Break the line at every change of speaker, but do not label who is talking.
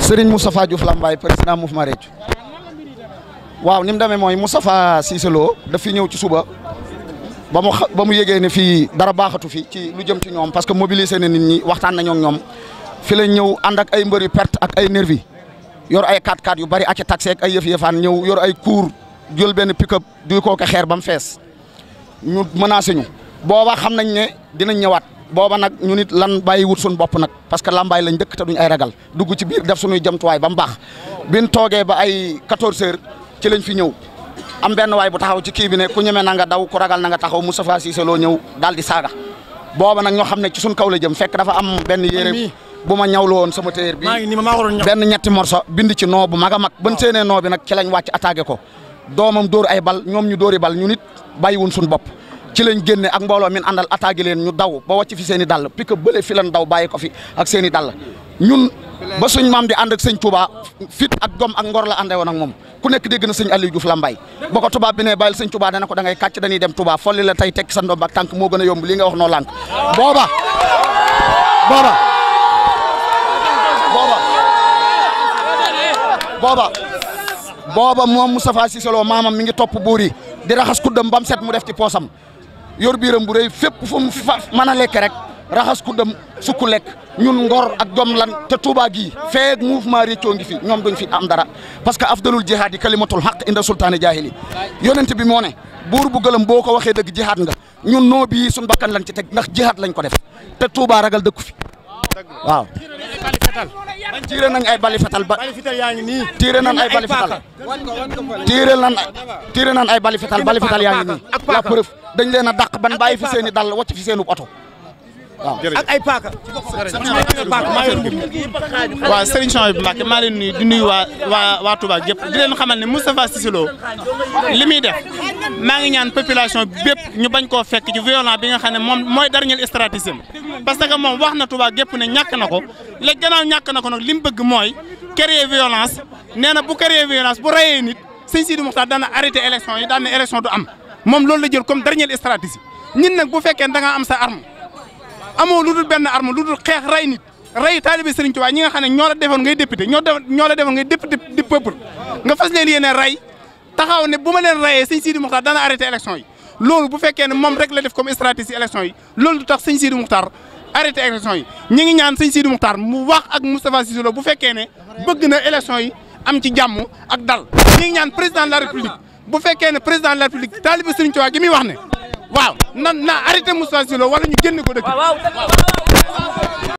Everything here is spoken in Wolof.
Serigne Moustapha Diouf Lambaye président mouvement Réccu waaw nim mu moy mooy Moustapha Cissé da fi ñew ci suba ba mu ba mu yëgee ne fii dara baxatu fi ci lu jëm ci ñom parce que mobiliser né nit ñi waxtaan nañu ñom fi la ñew and ak ay mbër yu perte ak ay nervi yor ay 4 4 yu bari ak taxi ak ay yef yëfaan ñew yor ay cour jël ben pick-up du ko ko xeer bam fess ñu menacer ñu booba xam nañ ne dinañ ñëwaat. booba nag ñu nit lan bàyyi wut suñu bopp nag parce que lambaay lañ dëkk ta duñ ay ragal dugg ci biir def suñuy jëmtuwaay ba mu baax biñ toogee ba ay 14 heures ci lañ fi ñëw am benn waay bu taxaw ci kii bi ne ku ñeme na nga daw ku ragal nanga nga taxaw Moustapha Cissé Lo ñëw daal di saaga booba nag ñoo xam ne ci suñ kaw la jëm fekk dafa am benn yére bu ma ñawlu woon sama téer bi benn ñetti morso bind ci noo bu mag a mag ban seenee noo bi nag ci lañ wàcc attaqué ko doomam dóor ay bal ñoom ñu dóori bal ñu nit bàyyiwun suñ ci lañ génne ak mbooloo min àndal attaqué leen ñu daw ba wàcc fi seen i dàll puis que bële fi daw bàyyi ko fi ak seeni i dàll ñun ba suñ maam di ànd ak sëñ Touba fit ak gom ak ngor la àndee woon ak moom ku nekk dégg na sëñ Aliou Diouf Lambaye ba ko tubaab bi ne bàyyil sëñ Touba dana ko da ngay kàcc dañuy dem Touba folli la tey tekki sa ndomb ak tànk moo a yomb li nga wax noo lànk booba booba moom Moustapha Cissé Lo maamam mi ngi topp buur yi di raxas kuddam bam set mu def ci poosam yor biiram bu rëy fépp fu mu fa mën a lekk rek raxas ku dem sukku lekk ñun ngor ak jom lan te Touba gi feeg mouvement réccoo ngi fi ñoom duñ fi am dara parce que afdalul jihaad yi kalimatul haq inda sultaani jaahili yonent bi moo ne buur bu gëlëm boo ko waxee dëgg jihaad nga ñun noo bii suñ bakkan lañ ci teg ndax jihaad lañ ko def te Touba ragal dëkku fi waaw fetal tiire nañ ay bali fetal ba yaa ngi nii tiire nan ay bali fetal tiire nañ tiire nañ ay bali fetal bali fetal yaa ngi nii la preuve leen a ban bàyyi fi seen i dal wàcc
fi seen ub oto waaw ak ay paaka. waaw Serigne Chambé di nuyu waa waa waa Touba gépp ne Lo li muy def population bépp ñu bañ koo fekk ci violent bi nga xam ne moom mooy dernier stratégie parce que moom wax na Touba gépp ne ñàkk na ko léegi gannaaw ñàkk na ko nag li mu ne am moom loolu la jël comme dernier stratégie ñun nag bu fekkee da nga am sa arme. amoo lu dul benn arme lu dul xeex rey nit rey taalibe Sëriñ Tuubaa ñi nga xam ne ñoo la defoon ngay député ñoo ñoo la defoon ngay député di peuple nga fas leen yéene taxaw ne bu ma leen reyee sëñ Sidi Muxtaar dana arrêté élection yi loolu bu fekkee ne moom rek la def comme stratégie élection yi loolu tax sëñ Sidi Muxtaar arrêté élection yi ñi ngi ñaan sëñ Sidi Muxtaar mu wax ak Moustapha Cissé Lo bu fekkee ne bëgg na élection yi am ci jàmm ak dal ñi ñaan président la république bu fekkee ne président la république taalibe Sëriñ Tuubaa gi muy ne waaw nan na arrêté Moustapha Cissé Lo wala ñu génn ko dëkk.